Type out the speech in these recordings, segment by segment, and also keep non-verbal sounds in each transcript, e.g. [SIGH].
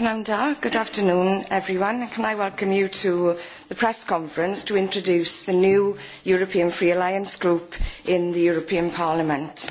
Pananda, good afternoon everyone and can I welcome you to the press conference to introduce the new European Free Alliance group in the European Parliament.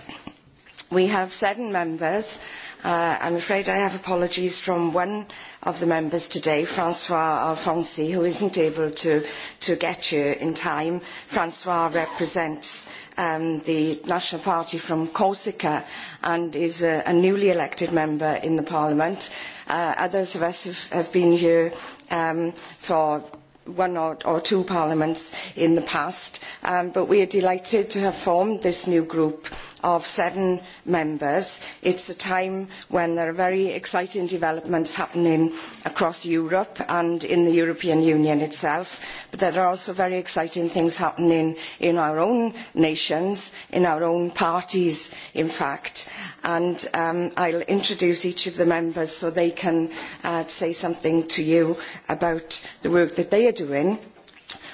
We have seven members. Uh, I'm afraid I have apologies from one of the members today, Francois Alfonsi, who isn't able to, to get you in time. Francois represents um, the National Party from Corsica and is a, a newly elected member in the Parliament. Uh, others of us have, have been here um, for one or, or two parliaments in the past, um, but we are delighted to have formed this new group of seven members. It is a time when there are very exciting developments happening across Europe and in the European Union itself, but there are also very exciting things happening in our own nations, in our own parties, in fact. And um, will introduce each of the members so they can uh, say something to you about the work that they are doing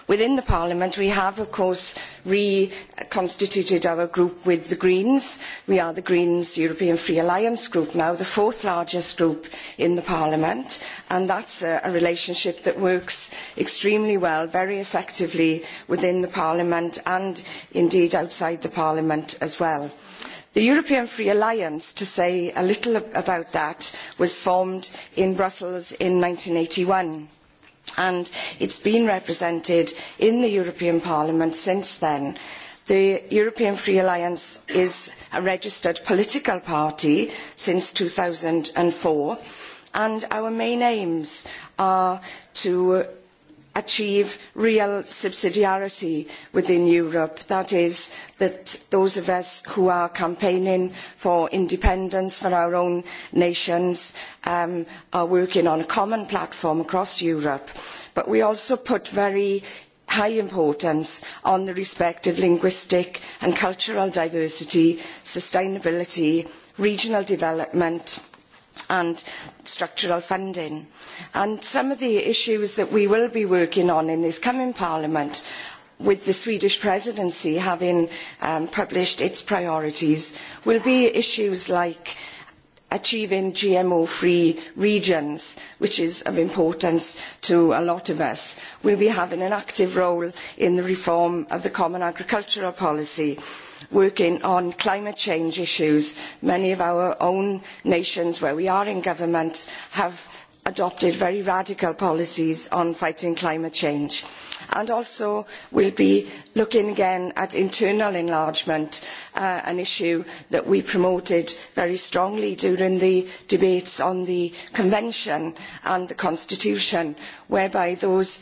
Within the Parliament, we have, of course, reconstituted our group with the Greens. We are the Greens European Free Alliance group now, the fourth largest group in the Parliament, and that's a, a relationship that works extremely well, very effectively within the Parliament and indeed outside the Parliament as well. The European Free Alliance, to say a little about that, was formed in Brussels in eighty one and it's been represented in the European Parliament since then. The European Free Alliance is a registered political party since two thousand four and our main aims are to achieve real subsidiarity within Europe. That is, that those of us who are campaigning for independence for our own nations um, are working on a common platform across Europe. But we also put very high importance on the respect of linguistic and cultural diversity, sustainability, regional development, and structural funding. And some of the issues that we will be working on in this coming Parliament with the Swedish presidency having um, published its priorities will be issues like achieving GMO-free regions, which is of importance to a lot of us. We'll be having an active role in the reform of the Common Agricultural Policy working on climate change issues. Many of our own nations where we are in government have adopted very radical policies on fighting climate change. And also we will be looking again at internal enlargement, uh, an issue that we promoted very strongly during the debates on the Convention and the Constitution, whereby those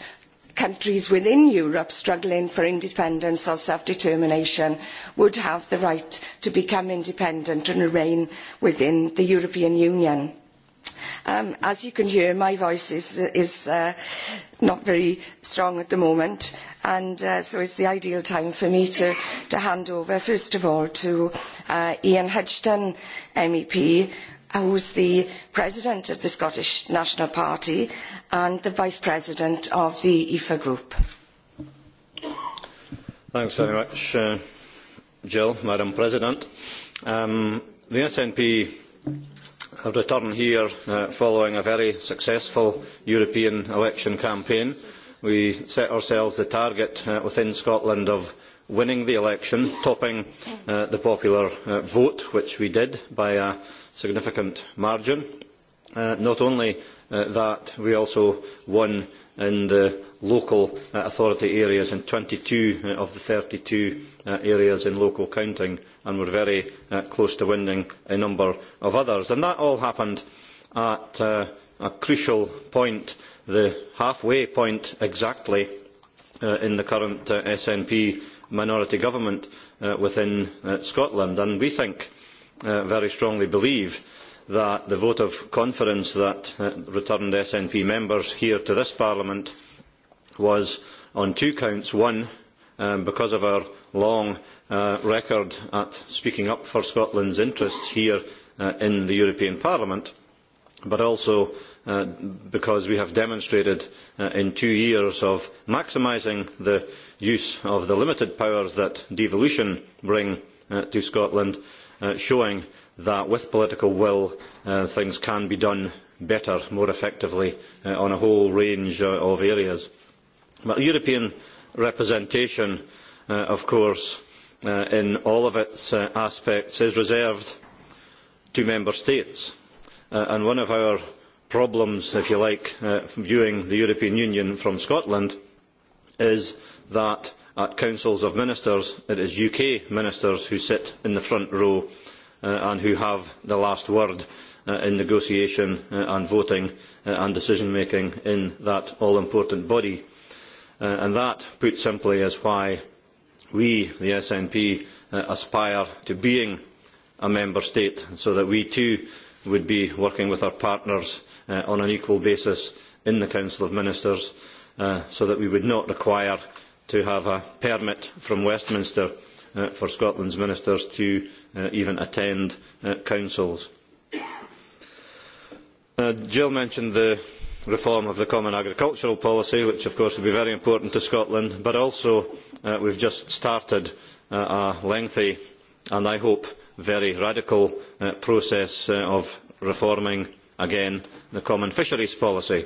countries within Europe struggling for independence or self-determination would have the right to become independent and remain within the European Union. Um, as you can hear, my voice is, is uh, not very strong at the moment, and uh, so it's the ideal time for me to, to hand over, first of all, to uh, Ian Hedgeton, MEP, Uh, who was the president of the Scottish National Party and the vice president of the IFA group. Thanks very much, uh, Jill, Madam President. Um, the SNP have returned here uh, following a very successful European election campaign. We set ourselves the target uh, within Scotland of winning the election, topping uh, the popular uh, vote, which we did by a significant margin. Uh, not only uh, that, we also won in the local uh, authority areas in 22 uh, of the 32 uh, areas in local counting and were very uh, close to winning a number of others. And that all happened at uh, a crucial point, the halfway point exactly uh, in the current uh, SNP minority government uh, within uh, Scotland. And we think, uh, very strongly believe, that the vote of confidence that uh, returned SNP members here to this Parliament was on two counts. One, um, because of our long uh, record at speaking up for Scotland's interests here uh, in the European Parliament, but also Uh, because we have demonstrated uh, in two years of maximising the use of the limited powers that devolution brings uh, to Scotland, uh, showing that with political will uh, things can be done better, more effectively uh, on a whole range uh, of areas. But European representation, uh, of course, uh, in all of its uh, aspects is reserved to member states. Uh, and one of our problems, if you like, uh, viewing the European Union from Scotland is that at councils of ministers, it is UK ministers who sit in the front row uh, and who have the last word uh, in negotiation uh, and voting uh, and decision making in that all important body. Uh, and that, put simply, is why we, the SNP, uh, aspire to being a member state, so that we too would be working with our partners uh, on an equal basis in the Council of Ministers uh, so that we would not require to have a permit from Westminster uh, for Scotland's ministers to uh, even attend uh, councils. Uh, Jill mentioned the reform of the common agricultural policy, which of course would be very important to Scotland, but also uh, we have just started uh, a lengthy and I hope very radical uh, process uh, of reforming again, the common fisheries policy.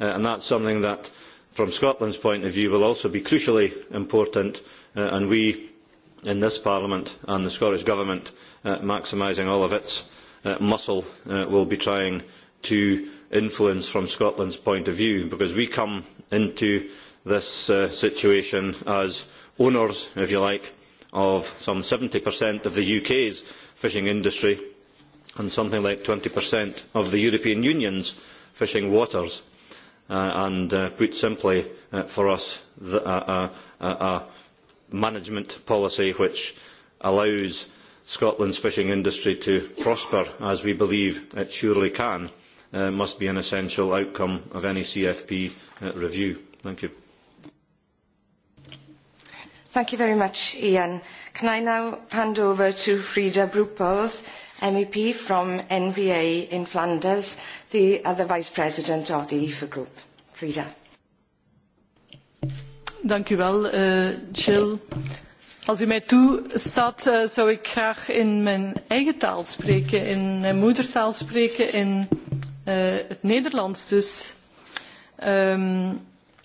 Uh, and that is something that, from Scotland's point of view, will also be crucially important, uh, and we in this Parliament and the Scottish Government, uh, maximising all of its uh, muscle, uh, will be trying to influence from Scotland's point of view, because we come into this uh, situation as owners, if you like, of some 70% of the UK's fishing industry and something like 20% of the European Union's fishing waters. Uh, and uh, put simply, uh, for us, a uh, uh, uh, uh, management policy which allows Scotland's fishing industry to prosper as we believe it surely can uh, must be an essential outcome of any CFP uh, review. Thank you. Thank you very much, Ian. Can I now hand over to Frida MEP from NVA in Flanders, the other Vice President of the IFA e Group. Frida. Dank u wel, uh, Jill. Als u mij toestaat, uh, zou ik graag in mijn eigen taal spreken, in mijn moedertaal spreken, in uh, het Nederlands dus. Um,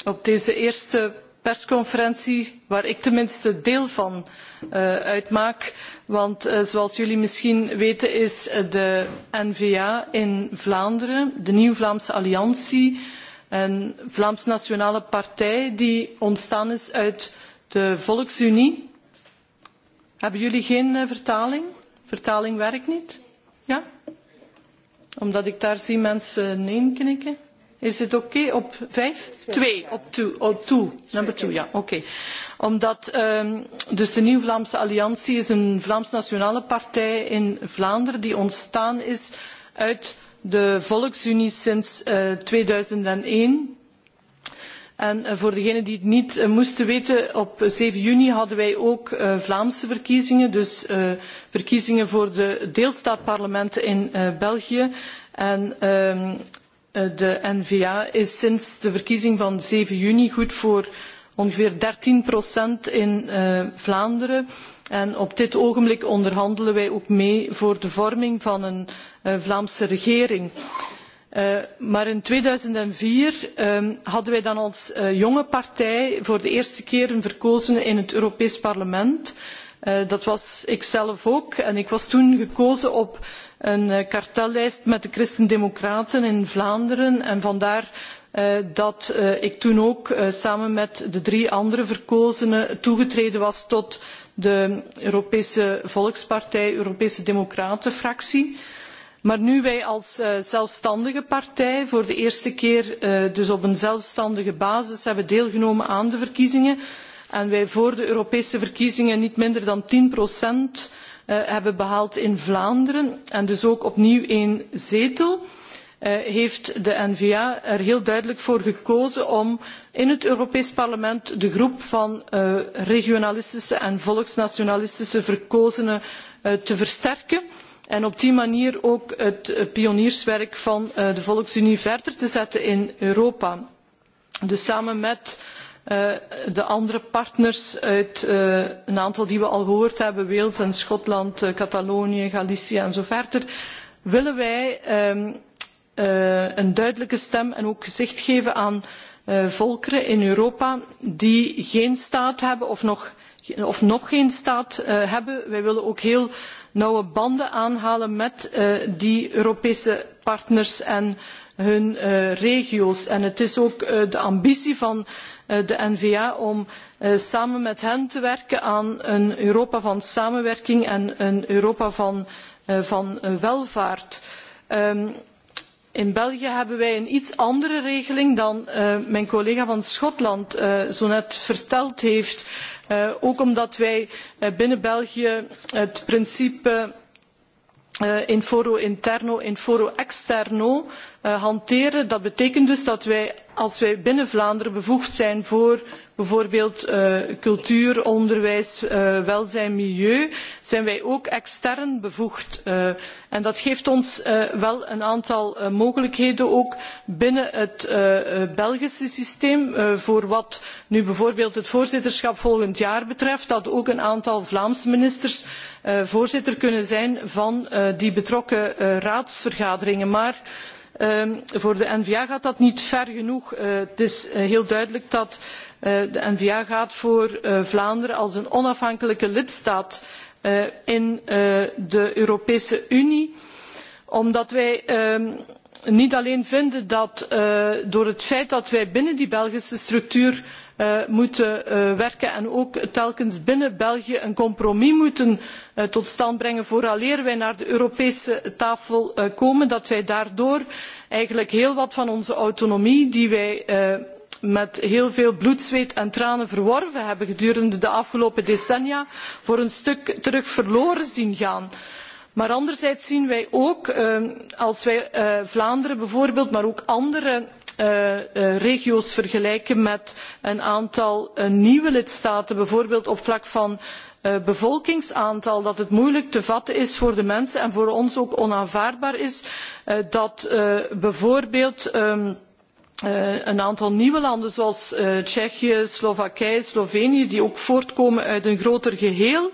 op deze eerste persconferentie, waar ik tenminste deel van eh, uitmaak. Want eh, zoals jullie misschien weten is eh, de N-VA in Vlaanderen, de Nieuw-Vlaamse Alliantie, een Vlaams Nationale Partij die ontstaan is uit de Volksunie. Hebben jullie geen vertaling? Vertaling werkt niet? Ja? Omdat ik daar zie mensen nee knikken. Is het oké okay? op vijf? Twee, op twee. Op twee. Oh, Number two, ja, oké. Okay. Omdat um, dus de Nieuw Vlaamse Alliantie is een Vlaams Nationale Partij in Vlaanderen die ontstaan is uit de Volksunie sinds uh, eh, 2001. En eh, voor degenen die het niet eh, moesten weten, op zeven juni hadden wij ook Vlaamse verkiezingen, dus verkiezingen voor de deelstaatparlementen in België. En ehm, Eh, de N-VA, is sinds de verkiezing van zeven juni goed voor ongeveer dertien procent in eh, Vlaanderen. En op dit ogenblik onderhandelen wij ook mee voor de vorming van een eh, Vlaamse regering. Uh, maar in 2004 um, hadden wij dan als uh, jonge partij voor de eerste keer een verkozene in het Europees Parlement. Eh, dat was ik zelf ook en ik was toen gekozen op een eh, kartellijst met de Christen-Democraten in Vlaanderen en vandaar eh, dat ik toen ook samen met de drie andere verkozenen toegetreden was tot de Europese Volkspartij, Europese Democratenfractie. Maar nu wij als zelfstandige partij voor de eerste keer dus op een zelfstandige basis hebben deelgenomen aan de verkiezingen, En wij voor de Europese verkiezingen niet minder dan 10 procent eh, hebben behaald in Vlaanderen en dus ook opnieuw één zetel eh, heeft de n va er heel duidelijk voor gekozen om in het europees parlement de groep van eh, regionalistische en volksnationalistische verkozenen te versterken en op die manier ook het pionierswerk van de volksunie verder te zetten in europa. dus samen met Uh, de andere partners uit uh, een aantal die we al gehoord hebben, Wales en Schotland, uh, Catalonië, Galicië en zo verder, willen wij um, uh, een duidelijke stem en ook gezicht geven aan uh, volkeren in Europa die geen staat hebben of nog, of nog geen staat uh, hebben. Wij willen ook heel nauwe banden aanhalen met uh, die Europese partners en hun uh, regio's. En het is ook uh, de ambitie van uh, de N-VA om uh, samen met hen te werken aan een Europa van samenwerking en een Europa van, uh, van welvaart. Um, in België hebben wij een iets andere regeling dan uh, mijn collega van Schotland uh, zo net verteld heeft. Uh, ook omdat wij uh, binnen België het principe uh, in foro interno, in foro externo Eh, hanteren. Dat betekent dus dat wij, als wij binnen Vlaanderen bevoegd zijn voor bijvoorbeeld uh, cultuur, onderwijs, uh, welzijn, milieu, zijn wij ook extern bevoegd. Uh, en dat geeft ons wel een aantal mogelijkheden ook binnen het Belgische systeem voor wat nu bijvoorbeeld het voorzitterschap volgend jaar betreft, dat ook een aantal Vlaamse ministers voorzitter kunnen zijn van die betrokken raadsvergaderingen. Maar Ehm, voor de n va gaat dat niet ver genoeg. Eh, het is eh, heel duidelijk dat eh, de n va gaat voor vlaanderen als een onafhankelijke lidstaat in de europese unie omdat wij ehm, niet alleen vinden dat door het feit dat wij binnen die belgische structuur Eh, moeten eh, werken en ook telkens binnen België een compromis moeten eh, tot stand brengen vooraleer wij naar de Europese tafel komen, dat wij daardoor eigenlijk heel wat van onze autonomie die wij met heel veel bloed, zweet en tranen verworven hebben gedurende de afgelopen decennia voor een stuk terug verloren zien gaan. Maar anderzijds zien wij ook, als wij Vlaanderen bijvoorbeeld, maar ook andere Eh, eh, regio's vergelijken met een aantal eh, nieuwe lidstaten, bijvoorbeeld op vlak van bevolkingsaantal dat het moeilijk te vatten is voor de mensen en voor ons ook onaanvaardbaar is dat bijvoorbeeld ehm, een aantal nieuwe landen zoals Tsjechië, Slowakije, Slovenië, die ook voortkomen uit een groter geheel,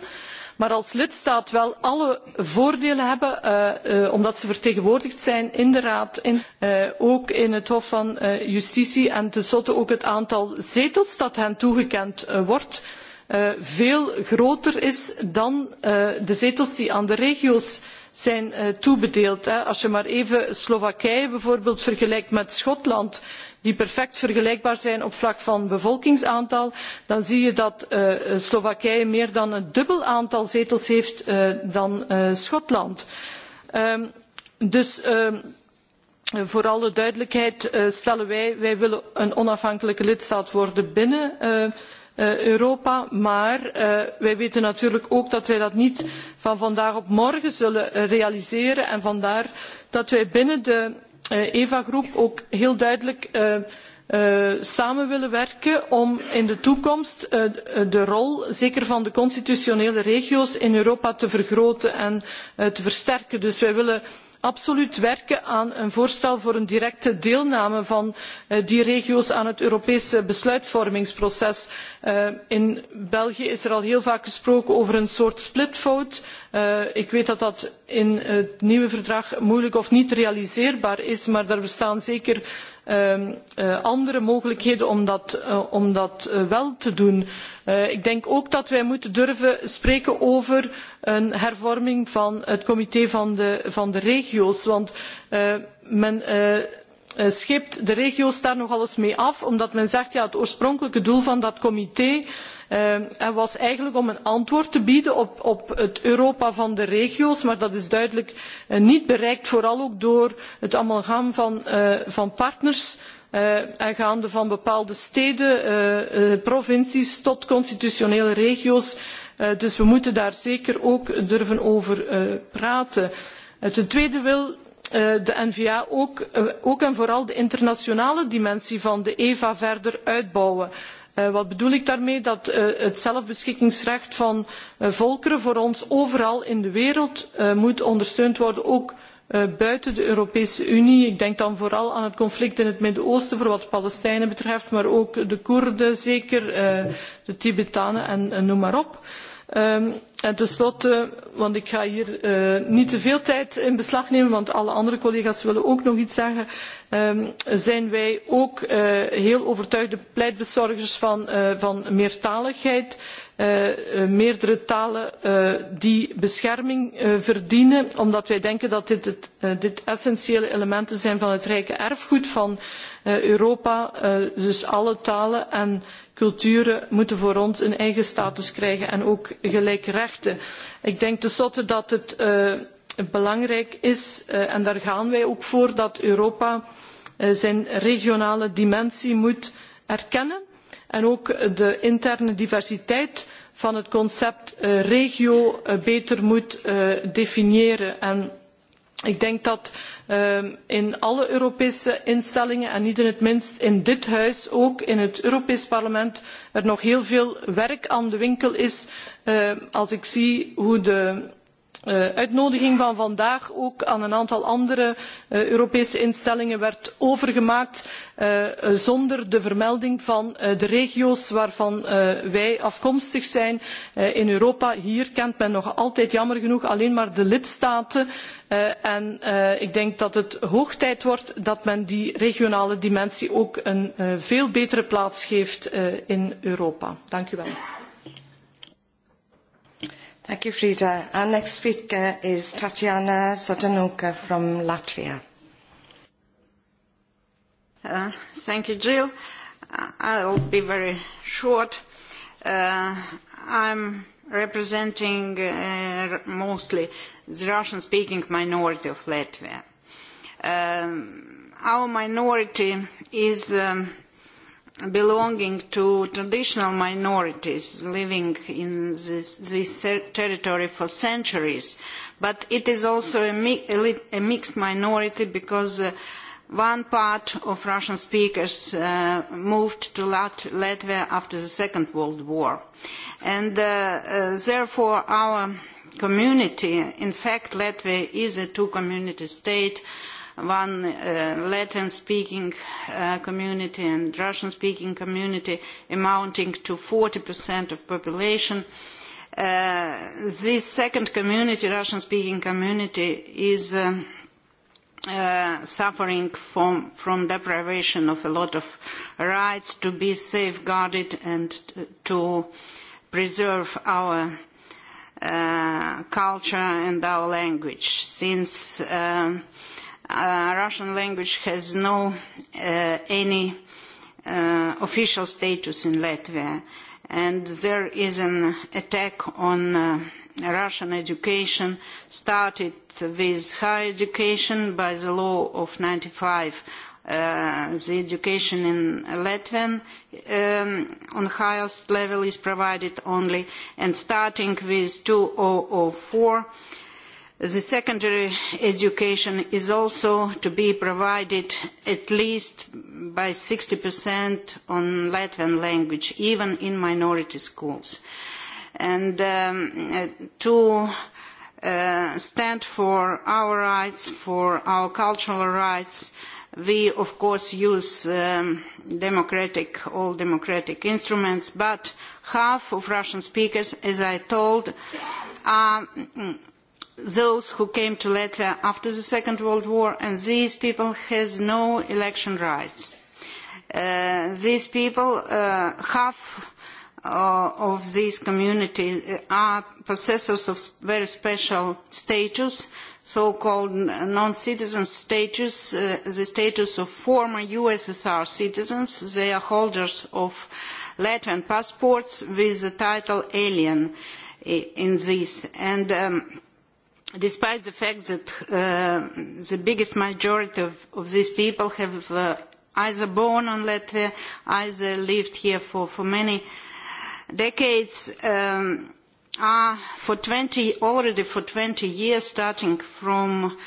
maar als lidstaat wel alle voordelen hebben, eh, eh, omdat ze vertegenwoordigd zijn in de Raad, in, eh, ook in het Hof van Justitie en tenslotte ook het aantal zetels dat hen toegekend wordt veel groter is dan de zetels die aan de regio's zijn toebedeeld. Als je maar even Slowakije bijvoorbeeld vergelijkt met Schotland, die perfect vergelijkbaar zijn op vlak van bevolkingsaantal, dan zie je dat eh, Slowakije meer dan een dubbel aantal zetels heeft eh, dan eh, Schotland. Ehm, dus ehm, voor alle duidelijkheid stellen wij, wij willen een onafhankelijke lidstaat worden binnen Europa, maar wij weten natuurlijk ook dat wij dat niet van vandaag op morgen zullen realiseren en vandaar dat wij binnen de Eh, EVA-groep ook heel duidelijk eh, eh, samen willen werken om in de toekomst de rol, zeker van de constitutionele regio's in Europa, te vergroten en te versterken. Dus wij willen absoluut werken aan een voorstel voor een directe deelname van eh, die regio's aan het Europese besluitvormingsproces. Eh, in België is er al heel vaak gesproken over een soort vote. Eh, ik weet dat dat in het nieuwe verdrag moeilijk of niet realiseerbaar is, maar daar bestaan zeker uh, uh, andere mogelijkheden om dat, uh, om dat uh, wel te doen. Uh, ik denk ook dat wij moeten durven spreken over een hervorming van het comité van de, van de regio's. Want uh, men... Uh, schept de regio's daar nogal eens mee af, omdat men zegt ja, het oorspronkelijke doel van dat comité en ehm, was eigenlijk om een antwoord te bieden op, op het Europa van de regio's, maar dat is duidelijk eh, niet bereikt, vooral ook door het amalgam van, eh, van partners eh, gaande van bepaalde steden, provincies tot constitutionele regio's. dus we moeten daar zeker ook durven over praten. ten tweede wil de n va ook en vooral de internationale dimensie van de eva verder uitbouwen. Eh, wat bedoel ik daarmee? Dat eh, het zelfbeschikkingsrecht van eh, volkeren voor ons overal in de wereld moet ondersteund worden, ook buiten de Europese Unie. Ik denk dan vooral aan het conflict in het Midden-Oosten voor wat de Palestijnen betreft, maar ook de Koerden zeker, de Tibetanen en noem maar op. Um, en tenslotte, want ik ga hier uh, niet te veel tijd in beslag nemen, want alle andere collega's willen ook nog iets zeggen, um, zijn wij ook uh, heel overtuigde pleitbezorgers van, uh, van meertaligheid, meerdere talen die bescherming verdienen, omdat wij denken dat dit, het, dit essentiële elementen zijn van het rijke erfgoed van Europa, dus alle talen en culturen moeten voor ons een eigen status krijgen en ook gelijke rechten. Ik denk tenslotte dat het uh, belangrijk is, uh, en daar gaan wij ook voor, dat Europa uh, zijn regionale dimensie moet erkennen en ook de interne diversiteit van het concept uh, regio uh, beter moet uh, definiëren. En ik denk dat Ehm, in alle Europese instellingen en niet in het minst in dit huis, ook in het Europees Parlement, er nog heel veel werk aan de winkel is ehm, als ik zie hoe de Eh, uitnodiging van vandaag ook aan een aantal andere eh, Europese instellingen werd overgemaakt eh, zonder de vermelding van de regio's waarvan wij afkomstig zijn. in Europa hier kent men nog altijd jammer genoeg alleen maar de lidstaten en ik denk dat het hoog tijd wordt dat men die regionale dimensie ook een veel betere plaats geeft in Europa. Dank u wel. Thank you, Frida. Our next speaker is Tatiana Sotanuka from Latvia. Uh, thank you, Jill. Uh, I'll be very short. Uh, I'm representing uh, mostly the Russian-speaking minority of Latvia. Um, our minority is um, belonging to traditional minorities living in this, this territory for centuries, but it is also a, mi a mixed minority because uh, one part of Russian speakers uh, moved to Lat Latvia after the Second World War. And uh, uh therefore our community, in fact Latvia is a two-community state, uh, one uh, Latin speaking uh, community and Russian speaking community amounting to 40% of population. Uh, this second community, Russian speaking community, is uh, uh, suffering from, from deprivation of a lot of rights to be safeguarded and to preserve our uh, culture and our language since uh, Uh, Russian language has no uh, any uh, official status in Latvia and there is an attack on uh, Russian education started with higher education by the law of ninety five. Uh, the education in Latvian um, on highest level is provided only and starting with two oh oh four The secondary education is also to be provided at least by 60% on Latvian language, even in minority schools. And um, uh, to uh, stand for our rights, for our cultural rights, we of course use um, democratic, all democratic instruments, but half of Russian speakers, as I told, are those who came to Latvia after the Second World War, and these people have no election rights. Uh, these people, uh, half uh, of these communities uh, are possessors of very special status, so-called non-citizen status, uh, the status of former USSR citizens. They are holders of Latvian passports with the title alien uh, in this. And um, despite the fact that uh, the biggest majority of, of these people have uh, either born on Latvia, either lived here for, for many decades, um, are for 20, already for 20 years, starting from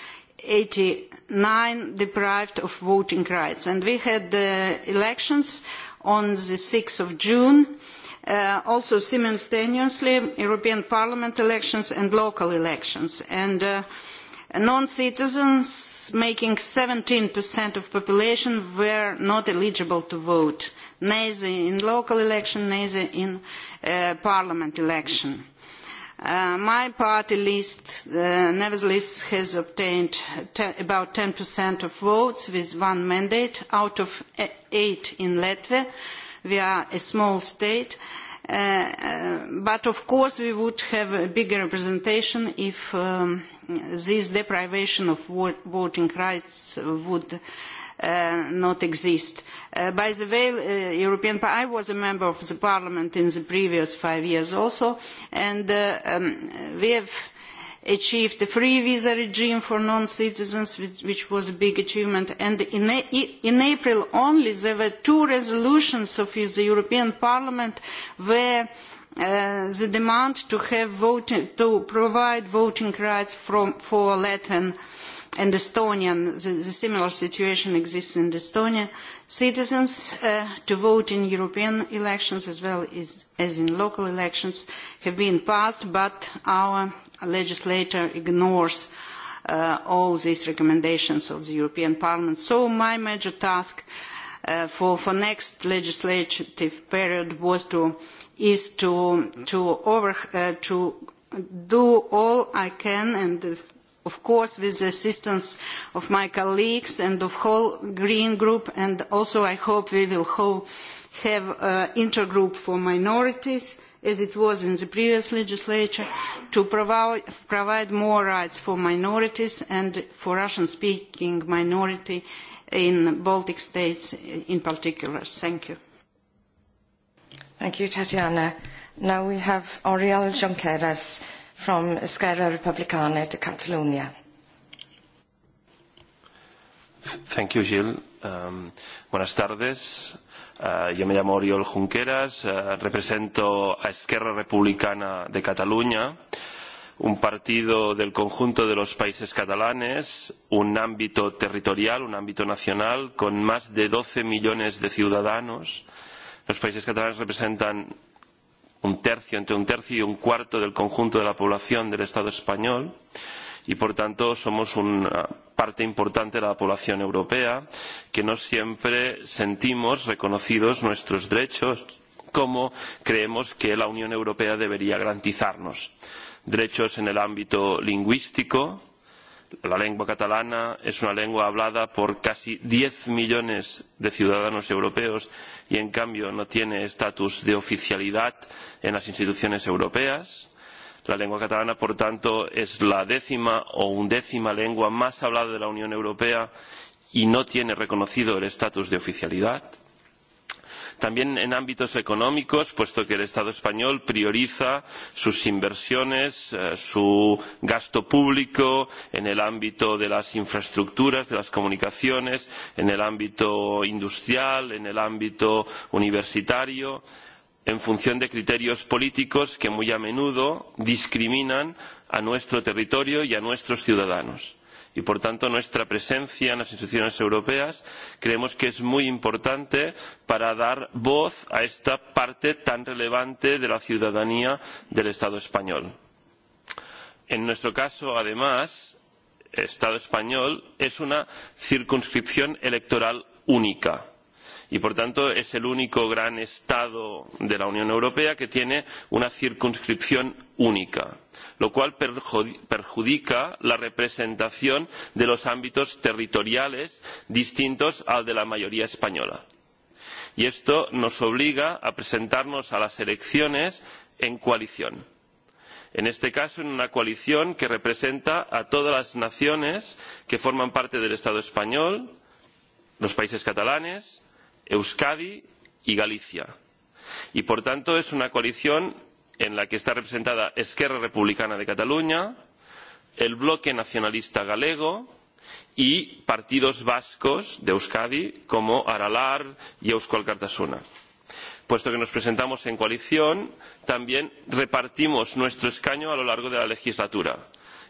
89, deprived of voting rights. And we had the elections on the 6th of June, Uh, also simultaneously European Parliament elections and local elections. And uh, non-citizens making 17% of population were not eligible to vote, neither in local election, neither in uh, parliament election. Uh, my party list, uh, nevertheless, has obtained te about 10% of votes with one mandate out of e, eight in Latvia We are a small state. Uh, uh, but of course we would have a bigger representation if um, this deprivation of voting rights would uh, not exist. Uh, by the way, uh, European I was a member of the parliament in the previous five years also, and uh, um, we have achieved a free visa regime for non-citizens, which was a big achievement. And in, a, in April only, there were two resolutions of the European Parliament where Uh, the demand to have voting, to provide voting rights from, for Latvian and Estonian, the, the similar situation exists in Estonia, citizens uh, to vote in European elections as well as, as in local elections have been passed, but our legislator ignores uh, all these recommendations of the European Parliament. So my major task uh, for, for next legislative period was to, is to, to, over, uh, to do all I can and the of course with the assistance of my colleagues and of the whole Green Group and also I hope we will have an uh, intergroup for minorities as it was in the previous legislature to provide, provide more rights for minorities and for Russian speaking minority in Baltic states in particular. Thank you. Thank you, Tatiana. Now we have Oriol Junqueras from Esquerra Republicana de Catalunya. Thank you, Gil. Um, buenas tardes. Uh, yo me llamo Oriol Junqueras, uh, represento a Esquerra Republicana de Cataluña, un partido del conjunto de los países catalanes, un ámbito territorial, un ámbito nacional, con más de 12 millones de ciudadanos. Los países catalanes representan un tercio, entre un tercio y un cuarto del conjunto de la población del Estado español y por tanto somos una ah, parte importante de la población europea que no siempre sentimos reconocidos nuestros derechos como creemos que la Unión Europea debería garantizarnos. Derechos en el ámbito lingüístico, La lengua catalana es una lengua hablada por casi diez millones de ciudadanos europeos y, en cambio, no tiene estatus de oficialidad en las instituciones europeas. La lengua catalana, por tanto, es la décima o undécima lengua más hablada de la Unión Europea y no tiene reconocido el estatus de oficialidad. También en ámbitos económicos, puesto que el Estado español prioriza sus inversiones, eh, su gasto público en el ámbito de las infraestructuras, de las comunicaciones, en el ámbito industrial, en el ámbito universitario en función de criterios políticos que muy a menudo discriminan a nuestro territorio y a nuestros ciudadanos y por tanto nuestra presencia en las instituciones europeas creemos que es muy importante para dar voz a esta parte tan relevante de la ciudadanía del Estado español. En nuestro caso, además, el Estado español es una circunscripción electoral única y por tanto es el único gran Estado de la Unión Europea que tiene una circunscripción única, lo cual perjudica la representación de los ámbitos territoriales distintos al de la mayoría española. Y esto nos obliga a presentarnos a las elecciones en coalición. En este caso, en una coalición que representa a todas las naciones que forman parte del Estado español, los países catalanes, Euskadi y Galicia. Y por tanto es una coalición en la que está representada Esquerra Republicana de Cataluña, el Bloque Nacionalista Galego y partidos vascos de Euskadi como Aralar y Euskal Cartasuna. Puesto que nos presentamos en coalición, también repartimos nuestro escaño a lo largo de la legislatura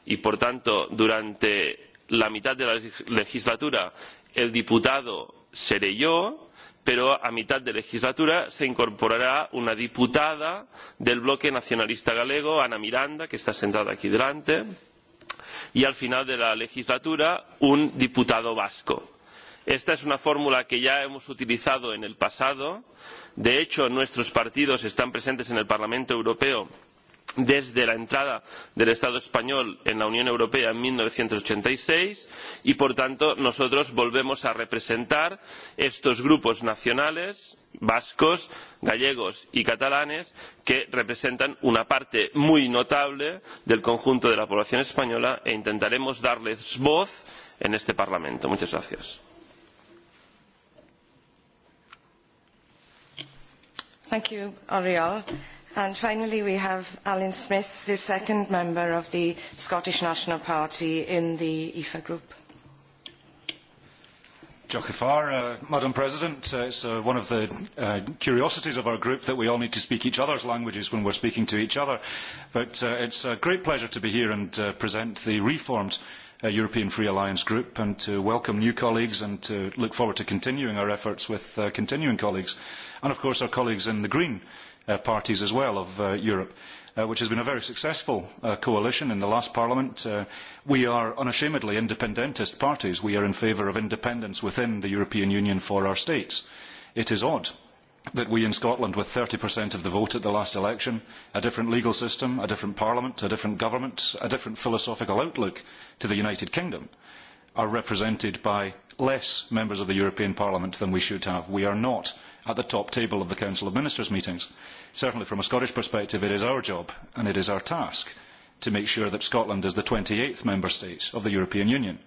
y, por tanto, durante la mitad de la legislatura el diputado seré yo, pero a mitad de legislatura se incorporará una diputada del bloque nacionalista galego, Ana Miranda, que está sentada aquí delante, y al final de la legislatura un diputado vasco. Esta es una fórmula que ya hemos utilizado en el pasado. De hecho, nuestros partidos están presentes en el Parlamento Europeo desde la entrada del Estado español en la Unión Europea en mil novecientos ochenta y seis y, por tanto, nosotros volvemos a representar estos grupos nacionales vascos, gallegos y catalanes que representan una parte muy notable del conjunto de la población española e intentaremos darles voz en este Parlamento. Muchas gracias. Thank you, And finally, we have Alan Smith, the second member of the Scottish National Party in the IFA e group. Jokifar, uh, Madam President, uh, it's uh, one of the uh, curiosities of our group that we all need to speak each other's languages when we're speaking to each other. But uh, it's a great pleasure to be here and uh, present the reformed uh, European Free Alliance group and to welcome new colleagues and to look forward to continuing our efforts with uh, continuing colleagues and, of course, our colleagues in the Green uh, parties as well of uh, Europe. Uh, which has been a very successful uh, coalition in the last parliament. Uh, we are unashamedly independentist parties. We are in favour of independence within the European Union for our states. It is odd that we in Scotland, with 30% of the vote at the last election, a different legal system, a different parliament, a different government, a different philosophical outlook to the United Kingdom, are represented by less members of the European Parliament than we should have. We are not at the top table of the Council of Ministers meetings. Certainly from a Scottish perspective, it is our job and it is our task to make sure that Scotland is the twenty eighth member state of the European Union.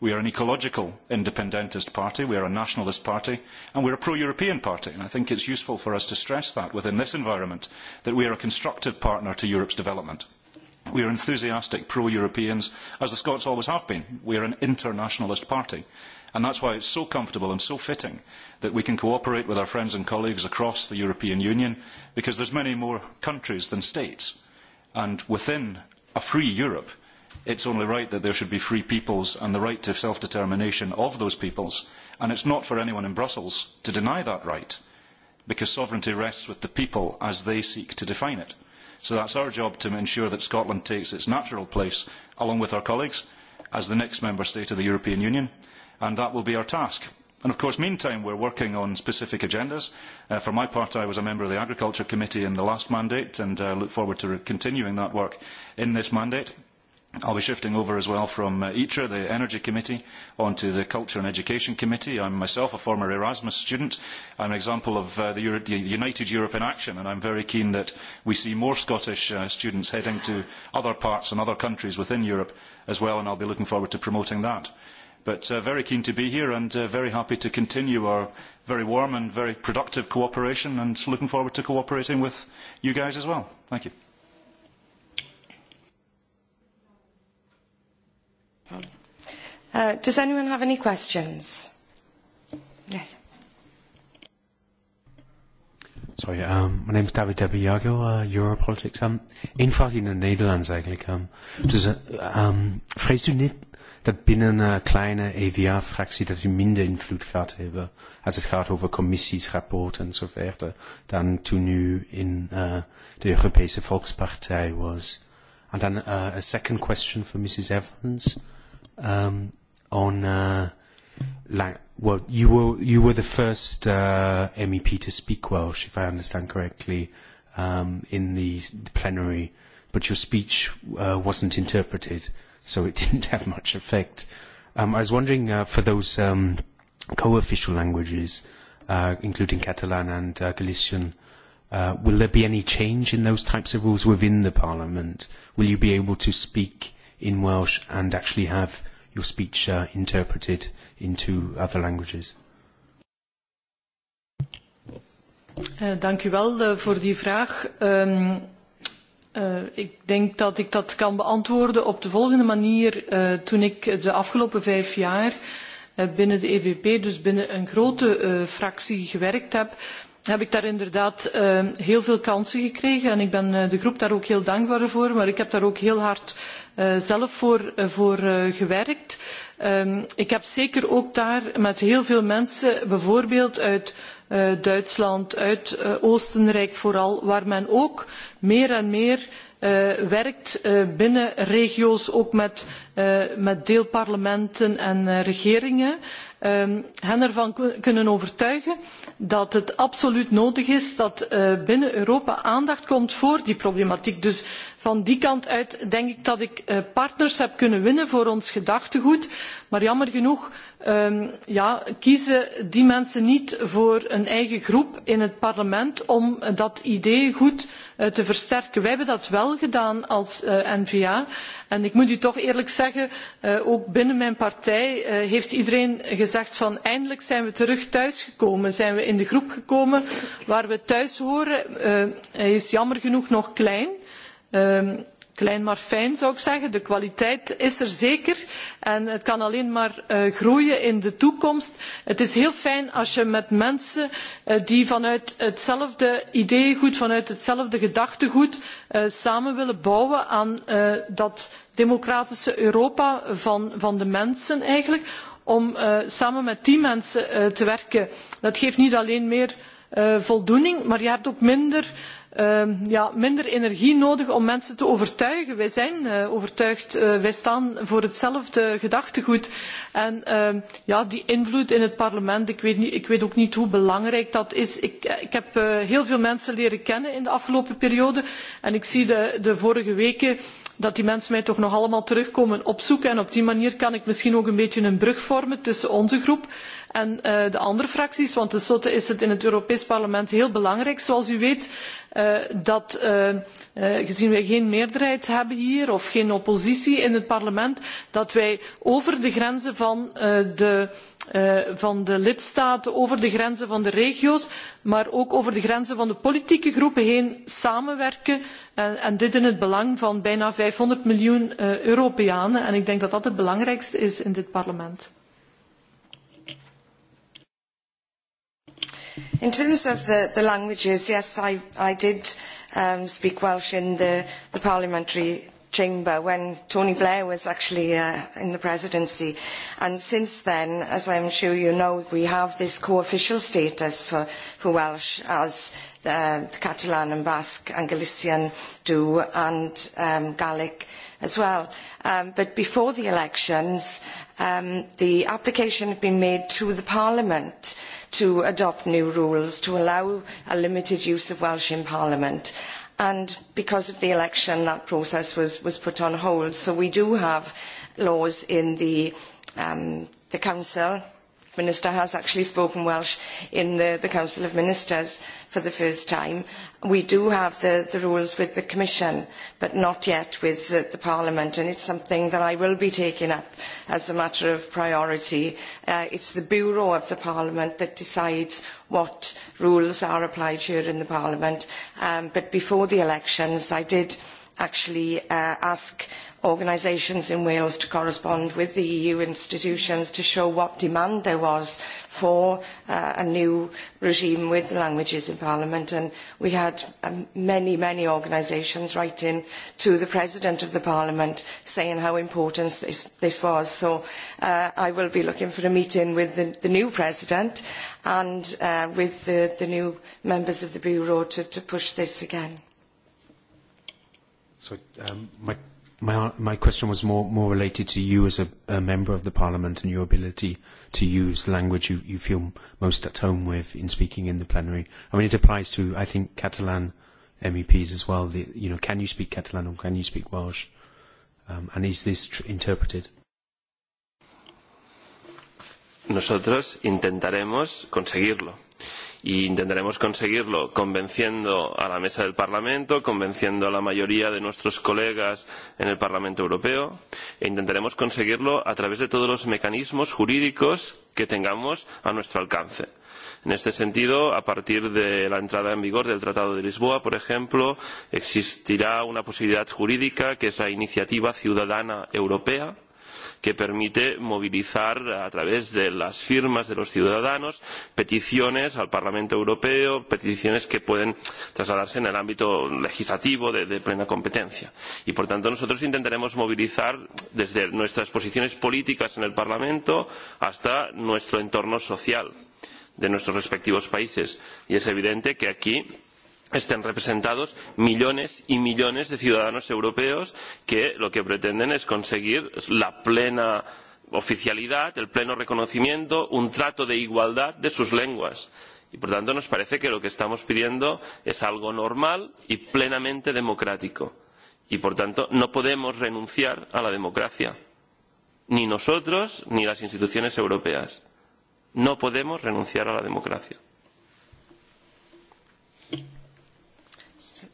We are an ecological independentist party, we are a nationalist party, and we are a pro-European party. And I think it is useful for us to stress that within this environment, that we are a constructive partner to Europe's development. We are enthusiastic pro-Europeans, as the Scots always have been. We are an internationalist party. And that is why it is so comfortable and so fitting that we can cooperate with our friends and colleagues across the European Union, because there are many more countries than states. And within a free Europe, it is only right that there should be free peoples and the right to self-determination of those peoples. And it is not for anyone in Brussels to deny that right, because sovereignty rests with the people as they seek to define it. So that is our job to ensure that Scotland takes its natural place, along with our colleagues, as the next member state of the European Union, and that will be our task. And of course, meantime, we are working on specific agendas. Uh, for my part, I was a member of the Agriculture Committee in the last mandate, and uh, look forward to continuing that work in this mandate. I'll be shifting over as well from uh, ITRA, the Energy Committee, onto the Culture and Education Committee. I'm myself a former Erasmus student. I'm an example of uh, the, Euro the United Europe in action, and I'm very keen that we see more Scottish uh, students heading to other parts and other countries within Europe as well, and I'll be looking forward to promoting that. But uh, very keen to be here and uh, very happy to continue our very warm and very productive cooperation and looking forward to cooperating with you guys as well. Thank you. Uh, does anyone have any questions? Yes. Sorry, um, my is David Debiago, uh, Europolitics. Um, in vraag in Netherlands, Nederlands eigenlijk. Um, dus, um, phrase u niet dat binnen een kleine EVA-fractie dat u minder invloed gaat hebben als het gaat over commissies, rapporten verder, dan toen u in uh, de Europese Volkspartij was? En dan een uh, second question for Mrs. Evans. Um, on uh, like well you were you were the first uh, MEP to speak Welsh if I understand correctly um, in the, the plenary but your speech uh, wasn't interpreted so it [LAUGHS] didn't have much effect um, I was wondering uh, for those um, co-official languages uh, including Catalan and uh, Galician uh, will there be any change in those types of rules within the parliament will you be able to speak in Welsh and actually have your speech uh, interpreted into other languages? Uh, dank u wel uh, voor die vraag. Um, uh, ik denk dat ik dat kan beantwoorden op de volgende manier. Uh, toen ik de afgelopen vijf jaar uh, binnen de EVP, dus binnen een grote uh, fractie gewerkt heb, heb ik daar inderdaad uh, heel veel kansen gekregen. En ik ben uh, de groep daar ook heel dankbaar voor. Maar ik heb daar ook heel hard uh, zelf voor, uh, voor uh, gewerkt. Um, ik heb zeker ook daar met heel veel mensen, bijvoorbeeld uit uh, Duitsland, uit uh, Oostenrijk vooral, waar men ook meer en meer uh, werkt uh, binnen regio's, ook met, uh, met deelparlementen en uh, regeringen, um, hen ervan kunnen overtuigen dat het absoluut nodig is dat eh, binnen Europa aandacht komt voor die problematiek van die kant uit denk ik dat ik eh, partners heb kunnen winnen voor ons gedachtegoed. Maar jammer genoeg um, ja, kiezen die mensen niet voor een eigen groep in het parlement om eh, dat idee goed uh, te versterken. Wij hebben dat wel gedaan als uh, N-VA. En ik moet u toch eerlijk zeggen, uh, ook binnen mijn partij heeft iedereen gezegd van eindelijk zijn we terug thuis gekomen. Zijn we in de groep gekomen waar we thuis horen. is jammer genoeg nog klein. Um, klein maar fijn zou ik zeggen. De kwaliteit is er zeker en het kan alleen maar uh, groeien in de toekomst. Het is heel fijn als je met mensen uh, die vanuit hetzelfde ideeëngoed, vanuit hetzelfde gedachtegoed uh, samen willen bouwen aan dat democratische Europa van, van de mensen eigenlijk, om samen met die mensen te werken. Dat geeft niet alleen meer voldoening, maar je hebt ook minder uh, ja, minder energie nodig om mensen te overtuigen. Wij zijn uh, overtuigd, uh, wij staan voor hetzelfde gedachtegoed. En uh, ja, die invloed in het parlement, ik weet, niet, ik weet ook niet hoe belangrijk dat is. Ik, eh, ik heb uh, heel veel mensen leren kennen in de afgelopen periode en ik zie de, de vorige weken dat die mensen mij toch nog allemaal terugkomen opzoeken. En op die manier kan ik misschien ook een beetje een brug vormen tussen onze groep en uh, de andere fracties, want tenslotte is het in het Europees Parlement heel belangrijk, zoals u weet, uh, dat uh, gezien wij geen meerderheid hebben hier of geen oppositie in het parlement, dat wij over de grenzen van de Uh, van de lidstaten over de grenzen van de regio's maar ook over de grenzen van de politieke groepen heen samenwerken en, en dit in het belang van bijna vijfhonderd miljoen uh, europeanen en ik denk dat dat het belangrijkste is in dit parlement. In terms of the, the languages, yes, I, I did um, speak Welsh in the, the parliamentary chamber when Tony Blair was actually uh, in the presidency. And since then, as I'm sure you know, we have this co-official status for, for Welsh as uh, the Catalan and Basque and Galician do and um, Gaelic as well. Um, but before the elections, um, the application had been made to the Parliament to adopt new rules to allow a limited use of Welsh in Parliament. And because of the election, that process was, was put on hold. So we do have laws in the, um, the Council Minister has actually spoken Welsh in the, the Council of Ministers for the first time. We do have the, the rules with the Commission, but not yet with the, the Parliament, and it's something that I will be taking up as a matter of priority. Uh, it's the Bureau of the Parliament that decides what rules are applied here in the Parliament, um, but before the elections I did actually uh, ask organisations in Wales to correspond with the EU institutions to show what demand there was for uh, a new regime with languages in Parliament. And we had um, many, many organisations writing to the President of the Parliament saying how important this, this was. So uh, I will be looking for a meeting with the, the new President and uh, with the, the new members of the Bureau to, to push this again. So um, my My, my question was more, more related to you as a, a member of the Parliament and your ability to use the language you, you feel most at home with in speaking in the plenary. I mean, it applies to, I think, Catalan MEPs as well. The, you know, can you speak Catalan or can you speak Welsh? Um, and is this tr interpreted? Nosotros intentaremos conseguirlo y e intentaremos conseguirlo convenciendo a la mesa del Parlamento, convenciendo a la mayoría de nuestros colegas en el Parlamento Europeo e intentaremos conseguirlo a través de todos los mecanismos jurídicos que tengamos a nuestro alcance. En este sentido, a partir de la entrada en vigor del Tratado de Lisboa, por ejemplo, existirá una posibilidad jurídica que es la iniciativa ciudadana europea que permite movilizar a través de las firmas de los ciudadanos peticiones al Parlamento Europeo, peticiones que pueden trasladarse en el ámbito legislativo de, de plena competencia. Y por tanto nosotros intentaremos movilizar desde nuestras posiciones políticas en el Parlamento hasta nuestro entorno social de nuestros respectivos países. Y es evidente que aquí estén representados millones y millones de ciudadanos europeos que lo que pretenden es conseguir la plena oficialidad, el pleno reconocimiento, un trato de igualdad de sus lenguas. Y por tanto nos parece que lo que estamos pidiendo es algo normal y plenamente democrático. Y por tanto no podemos renunciar a la democracia. Ni nosotros ni las instituciones europeas. No podemos renunciar a la democracia.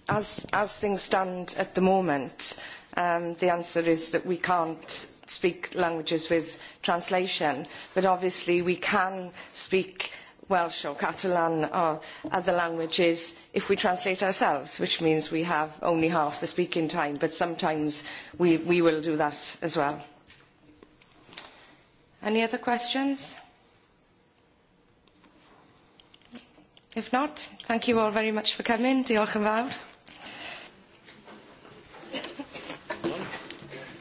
as, as things stand at the moment, um, the answer is that we can't speak languages with translation, but obviously we can speak Welsh or Catalan or other languages if we translate ourselves, which means we have only half the speaking time, but sometimes we, we will do that as well. Any other questions? If not, thank you all very much for coming. Diolch yn fawr.